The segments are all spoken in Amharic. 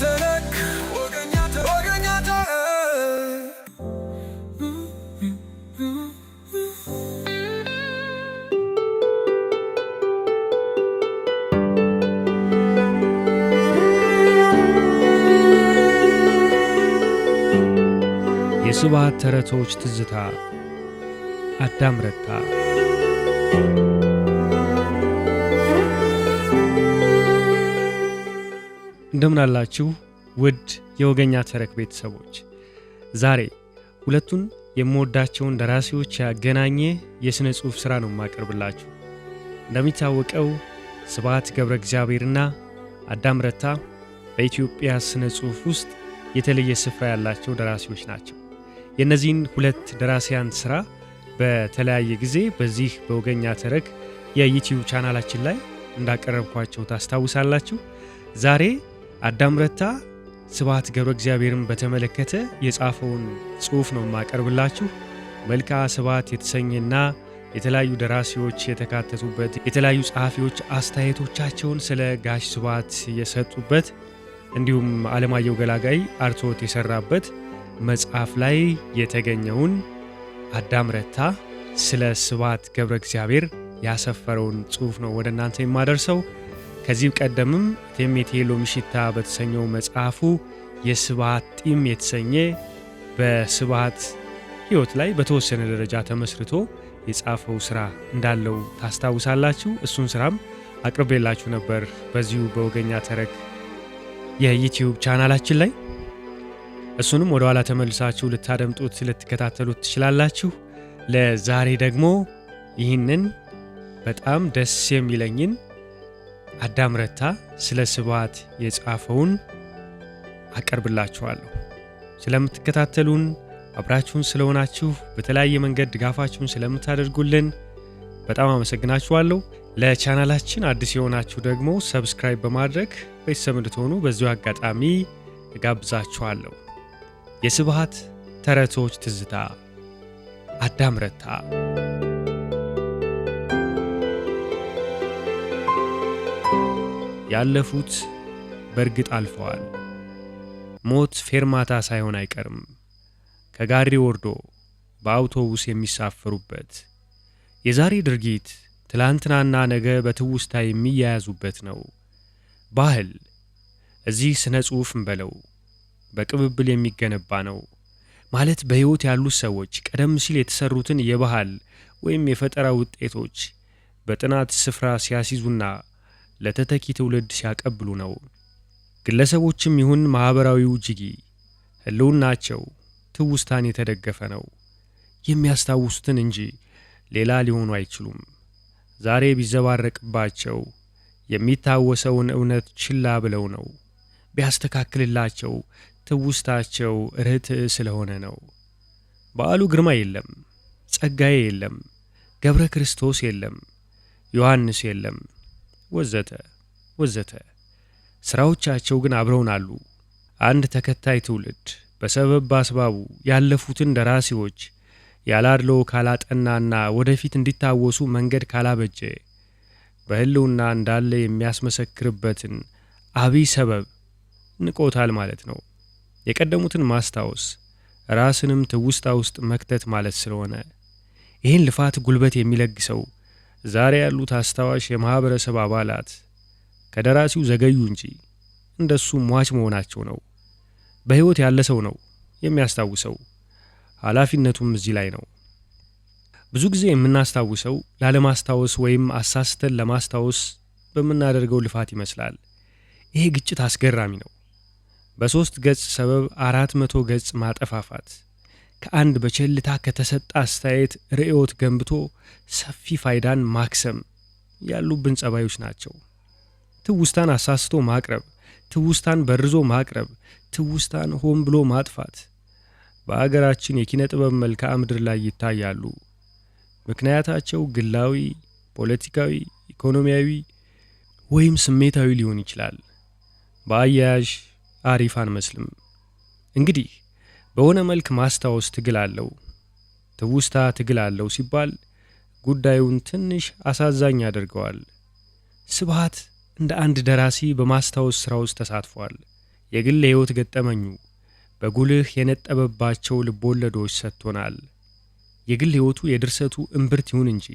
ተነክ ወገኛ የስብሐት ተረቶች ትዝታ አዳም ረታ እንደምን አላችሁ ውድ የወገኛ ተረክ ቤተሰቦች፣ ዛሬ ሁለቱን የምወዳቸውን ደራሲዎች ያገናኘ የሥነ ጽሑፍ ሥራ ነው የማቀርብላችሁ። እንደሚታወቀው ስብዓት ገብረ እግዚአብሔርና አዳም ረታ በኢትዮጵያ ሥነ ጽሑፍ ውስጥ የተለየ ስፍራ ያላቸው ደራሲዎች ናቸው። የእነዚህን ሁለት ደራሲያን ሥራ በተለያየ ጊዜ በዚህ በወገኛ ተረክ የዩትዩብ ቻናላችን ላይ እንዳቀረብኳቸው ታስታውሳላችሁ። ዛሬ አዳም ረታ ስብሐት ገብረ እግዚአብሔርን በተመለከተ የጻፈውን ጽሑፍ ነው የማቀርብላችሁ። መልካ ስብሐት የተሰኘና የተለያዩ ደራሲዎች የተካተቱበት የተለያዩ ጸሐፊዎች አስተያየቶቻቸውን ስለ ጋሽ ስብሐት የሰጡበት እንዲሁም አለማየሁ ገላጋይ አርትዖት የሰራበት መጽሐፍ ላይ የተገኘውን አዳም ረታ ስለ ስብሐት ገብረ እግዚአብሔር ያሰፈረውን ጽሑፍ ነው ወደ እናንተ የማደርሰው። ከዚህ ቀደምም ቴሜቴ ሎሚ ሽታ በተሰኘው መጽሐፉ የስብሐት ጢም የተሰኘ በስብሐት ሕይወት ላይ በተወሰነ ደረጃ ተመስርቶ የጻፈው ስራ እንዳለው ታስታውሳላችሁ። እሱን ስራም አቅርቤላችሁ ነበር በዚሁ በወገኛ ተረክ የዩትዩብ ቻናላችን ላይ። እሱንም ወደ ኋላ ተመልሳችሁ ልታደምጡት ልትከታተሉት ትችላላችሁ። ለዛሬ ደግሞ ይህንን በጣም ደስ የሚለኝን አዳም ረታ ስለ ስብሐት የጻፈውን አቀርብላችኋለሁ። ስለምትከታተሉን አብራችሁን ስለሆናችሁ በተለያየ መንገድ ድጋፋችሁን ስለምታደርጉልን በጣም አመሰግናችኋለሁ። ለቻናላችን አዲስ የሆናችሁ ደግሞ ሰብስክራይብ በማድረግ ቤተሰብ እንድትሆኑ በዚሁ አጋጣሚ እጋብዛችኋለሁ። የስብሐት ተረቶች ትዝታ አዳም ረታ ያለፉት በእርግጥ አልፈዋል። ሞት ፌርማታ ሳይሆን አይቀርም። ከጋሪ ወርዶ በአውቶቡስ የሚሳፈሩበት የዛሬ ድርጊት ትላንትናና ነገ በትውስታ የሚያያዙበት ነው። ባህል እዚህ ስነ ጽሑፍ እንበለው በቅብብል የሚገነባ ነው ማለት በሕይወት ያሉት ሰዎች ቀደም ሲል የተሰሩትን የባህል ወይም የፈጠራ ውጤቶች በጥናት ስፍራ ሲያሲዙና ለተተኪ ትውልድ ሲያቀብሉ ነው። ግለሰቦችም ይሁን ማኅበራዊው ጅጊ ህልውናቸው ትውስታን የተደገፈ ነው። የሚያስታውሱትን እንጂ ሌላ ሊሆኑ አይችሉም። ዛሬ ቢዘባረቅባቸው የሚታወሰውን እውነት ችላ ብለው ነው። ቢያስተካክልላቸው ትውስታቸው ርትዕ ስለሆነ ነው። በዓሉ ግርማ የለም፣ ጸጋዬ የለም፣ ገብረ ክርስቶስ የለም፣ ዮሐንስ የለም። ወዘተ ወዘተ። ስራዎቻቸው ግን አብረውን አሉ። አንድ ተከታይ ትውልድ በሰበብ በአስባቡ ያለፉትን ደራሲዎች ያላድለው ካላጠናና ወደፊት እንዲታወሱ መንገድ ካላበጀ በህልውና እንዳለ የሚያስመሰክርበትን አብይ ሰበብ ንቆታል ማለት ነው። የቀደሙትን ማስታወስ ራስንም ትውስታ ውስጥ መክተት ማለት ስለሆነ ይህን ልፋት ጉልበት የሚለግሰው ዛሬ ያሉት አስታዋሽ የማኅበረሰብ አባላት ከደራሲው ዘገዩ እንጂ እንደሱ ሟች መሆናቸው ነው። በሕይወት ያለ ሰው ነው የሚያስታውሰው። ኃላፊነቱም እዚህ ላይ ነው። ብዙ ጊዜ የምናስታውሰው ላለማስታወስ ወይም አሳስተን ለማስታወስ በምናደርገው ልፋት ይመስላል። ይሄ ግጭት አስገራሚ ነው። በሦስት ገጽ ሰበብ አራት መቶ ገጽ ማጠፋፋት ከአንድ በቸልታ ከተሰጠ አስተያየት ርዕዮት ገንብቶ ሰፊ ፋይዳን ማክሰም ያሉብን ጸባዮች ናቸው። ትውስታን አሳስቶ ማቅረብ፣ ትውስታን በርዞ ማቅረብ፣ ትውስታን ሆን ብሎ ማጥፋት በአገራችን የኪነ ጥበብ መልክዓ ምድር ላይ ይታያሉ። ምክንያታቸው ግላዊ፣ ፖለቲካዊ፣ ኢኮኖሚያዊ ወይም ስሜታዊ ሊሆን ይችላል። በአያያዥ አሪፍ አንመስልም። እንግዲህ በሆነ መልክ ማስታወስ ትግል አለው፣ ትውስታ ትግል አለው ሲባል ጉዳዩን ትንሽ አሳዛኝ ያደርገዋል። ስብሃት እንደ አንድ ደራሲ በማስታወስ ሥራ ውስጥ ተሳትፏል። የግል ሕይወት ገጠመኙ በጉልህ የነጠበባቸው ልቦወለዶች ሰጥቶናል። የግል ሕይወቱ የድርሰቱ እምብርት ይሁን እንጂ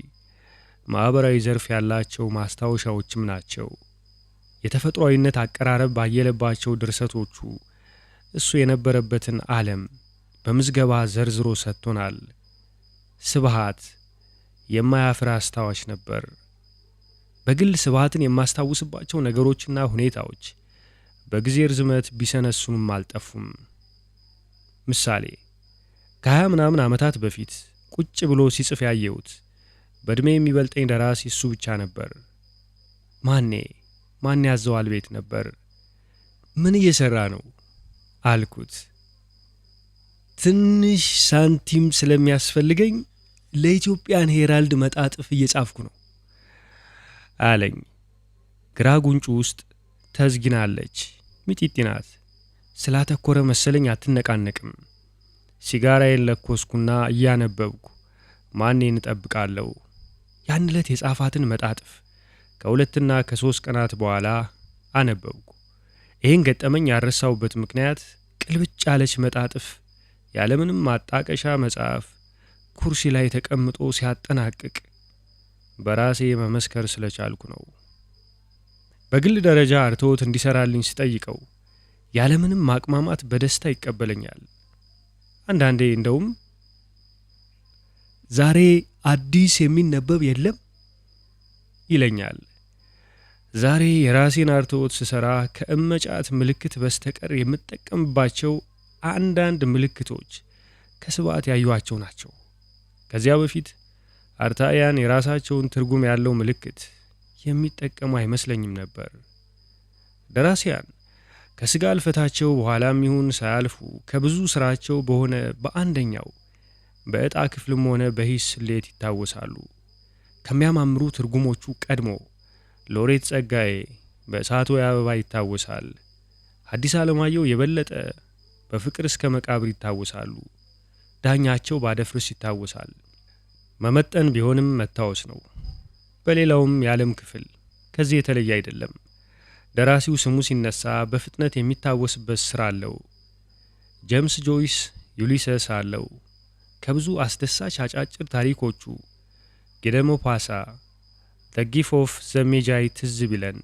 ማኅበራዊ ዘርፍ ያላቸው ማስታወሻዎችም ናቸው። የተፈጥሯዊነት አቀራረብ ባየለባቸው ድርሰቶቹ እሱ የነበረበትን ዓለም በምዝገባ ዘርዝሮ ሰጥቶናል። ስብሃት የማያፍር አስታዋሽ ነበር። በግል ስብሃትን የማስታውስባቸው ነገሮችና ሁኔታዎች በጊዜ ርዝመት ቢሰነሱንም አልጠፉም። ምሳሌ ከሀያ ምናምን ዓመታት በፊት ቁጭ ብሎ ሲጽፍ ያየሁት በዕድሜ የሚበልጠኝ ደራሲ እሱ ብቻ ነበር። ማኔ ማን ያዘዋል ቤት ነበር። ምን እየሠራ ነው? አልኩት። ትንሽ ሳንቲም ስለሚያስፈልገኝ ለኢትዮጵያን ሄራልድ መጣጥፍ እየጻፍኩ ነው አለኝ። ግራ ጉንጩ ውስጥ ተዝጊናለች። ሚጢጢ ናት። ስላተኮረ መሰለኝ አትነቃነቅም። ሲጋራዬን ለኮስኩና እያነበብኩ ማኔ እንጠብቃለሁ? ያን ዕለት የጻፋትን መጣጥፍ ከሁለትና ከሦስት ቀናት በኋላ አነበብኩ። ይህን ገጠመኝ ያረሳውበት ምክንያት ቅልብጭ ያለች መጣጥፍ ያለምንም ማጣቀሻ መጽሐፍ ኩርሲ ላይ ተቀምጦ ሲያጠናቅቅ በራሴ መመስከር ስለቻልኩ ነው። በግል ደረጃ አርትዖት እንዲሰራልኝ ስጠይቀው ያለምንም ማቅማማት በደስታ ይቀበለኛል። አንዳንዴ እንደውም ዛሬ አዲስ የሚነበብ የለም ይለኛል። ዛሬ የራሴን አርትዖት ስሰራ ከእመጫት ምልክት በስተቀር የምጠቀምባቸው አንዳንድ ምልክቶች ከስብዓት ያዩዋቸው ናቸው። ከዚያ በፊት አርታያን የራሳቸውን ትርጉም ያለው ምልክት የሚጠቀሙ አይመስለኝም ነበር። ደራሲያን ከስጋ አልፈታቸው በኋላም ይሁን ሳያልፉ ከብዙ ስራቸው በሆነ በአንደኛው በዕጣ ክፍልም ሆነ በሂስ ስሌት ይታወሳሉ። ከሚያማምሩ ትርጉሞቹ ቀድሞ ሎሬት ጸጋዬ በእሳቱ የአበባ ይታወሳል። ሐዲስ ዓለማየሁ የበለጠ በፍቅር እስከ መቃብር ይታወሳሉ። ዳኛቸው ባደፍርስ ይታወሳል። መመጠን ቢሆንም መታወስ ነው። በሌላውም የዓለም ክፍል ከዚህ የተለየ አይደለም። ደራሲው ስሙ ሲነሳ በፍጥነት የሚታወስበት ስራ አለው። ጄምስ ጆይስ ዩሊሰስ አለው። ከብዙ አስደሳች አጫጭር ታሪኮቹ ፓሳ ተጊፎፍ ዘሜጃይ ትዝ ቢለን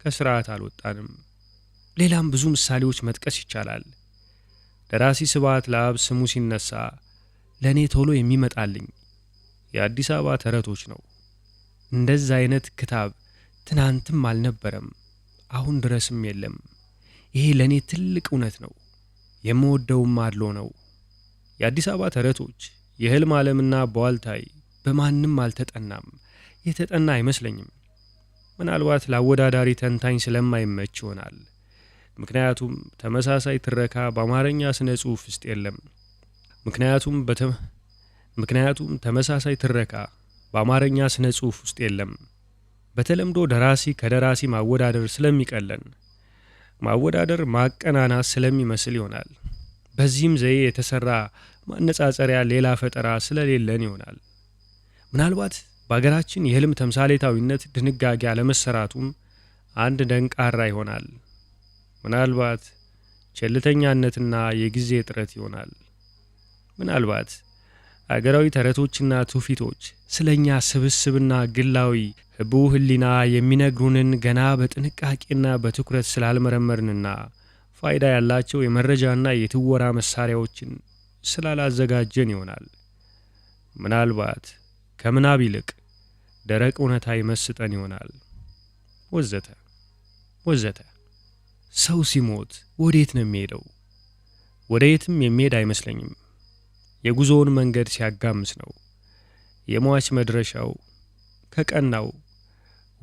ከስርዓት አልወጣንም። ሌላም ብዙ ምሳሌዎች መጥቀስ ይቻላል። ደራሲ ስብሐት ለአብ ስሙ ሲነሳ ለእኔ ቶሎ የሚመጣልኝ የአዲስ አበባ ተረቶች ነው። እንደዛ አይነት ክታብ ትናንትም አልነበረም፣ አሁን ድረስም የለም። ይሄ ለእኔ ትልቅ እውነት ነው፣ የምወደውም አድሎ ነው። የአዲስ አበባ ተረቶች የህልም ዓለምና በዋልታይ በማንም አልተጠናም። የተጠና አይመስለኝም። ምናልባት ለአወዳዳሪ ተንታኝ ስለማይመች ይሆናል። ምክንያቱም ተመሳሳይ ትረካ በአማርኛ ስነ ጽሁፍ ውስጥ የለም። ምክንያቱም ምክንያቱም ተመሳሳይ ትረካ በአማርኛ ስነ ጽሁፍ ውስጥ የለም። በተለምዶ ደራሲ ከደራሲ ማወዳደር ስለሚቀለን ማወዳደር ማቀናናት ስለሚመስል ይሆናል። በዚህም ዘዬ የተሰራ ማነጻጸሪያ ሌላ ፈጠራ ስለሌለን ይሆናል ምናልባት በሀገራችን የህልም ተምሳሌታዊነት ድንጋጌ አለመሰራቱም አንድ ደንቃራ ይሆናል። ምናልባት ቸልተኛነትና የጊዜ እጥረት ይሆናል። ምናልባት አገራዊ ተረቶችና ትውፊቶች ስለ እኛ ስብስብና ግላዊ ህቡ ህሊና የሚነግሩንን ገና በጥንቃቄና በትኩረት ስላልመረመርንና ፋይዳ ያላቸው የመረጃና የትወራ መሳሪያዎችን ስላላዘጋጀን ይሆናል። ምናልባት ከምናብ ይልቅ ደረቅ እውነታ ይመስጠን ይሆናል ወዘተ ወዘተ። ሰው ሲሞት ወዴት ነው የሚሄደው? ወደ የትም የሚሄድ አይመስለኝም። የጉዞውን መንገድ ሲያጋምስ ነው። የሟች መድረሻው ከቀናው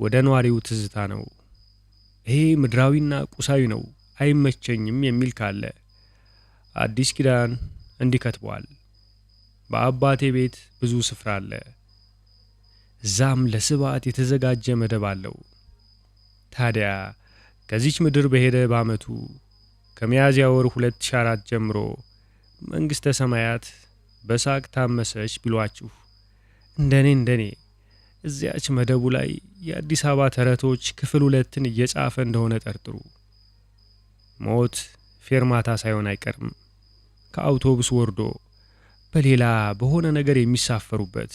ወደ ኗሪው ትዝታ ነው። ይሄ ምድራዊና ቁሳዊ ነው አይመቸኝም የሚል ካለ አዲስ ኪዳን እንዲከትቧል። በአባቴ ቤት ብዙ ስፍራ አለ ዛም ለስብዓት የተዘጋጀ መደብ አለው። ታዲያ ከዚች ምድር በሄደ በዓመቱ ከሚያዝያ ወር 2004 ጀምሮ መንግሥተ ሰማያት በሳቅ ታመሰች ቢሏችሁ እንደኔ እንደኔ እዚያች መደቡ ላይ የአዲስ አበባ ተረቶች ክፍል ሁለትን እየጻፈ እንደሆነ ጠርጥሩ። ሞት ፌርማታ ሳይሆን አይቀርም። ከአውቶቡስ ወርዶ በሌላ በሆነ ነገር የሚሳፈሩበት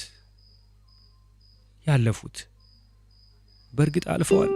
ያለፉት። በእርግጥ አልፈዋል።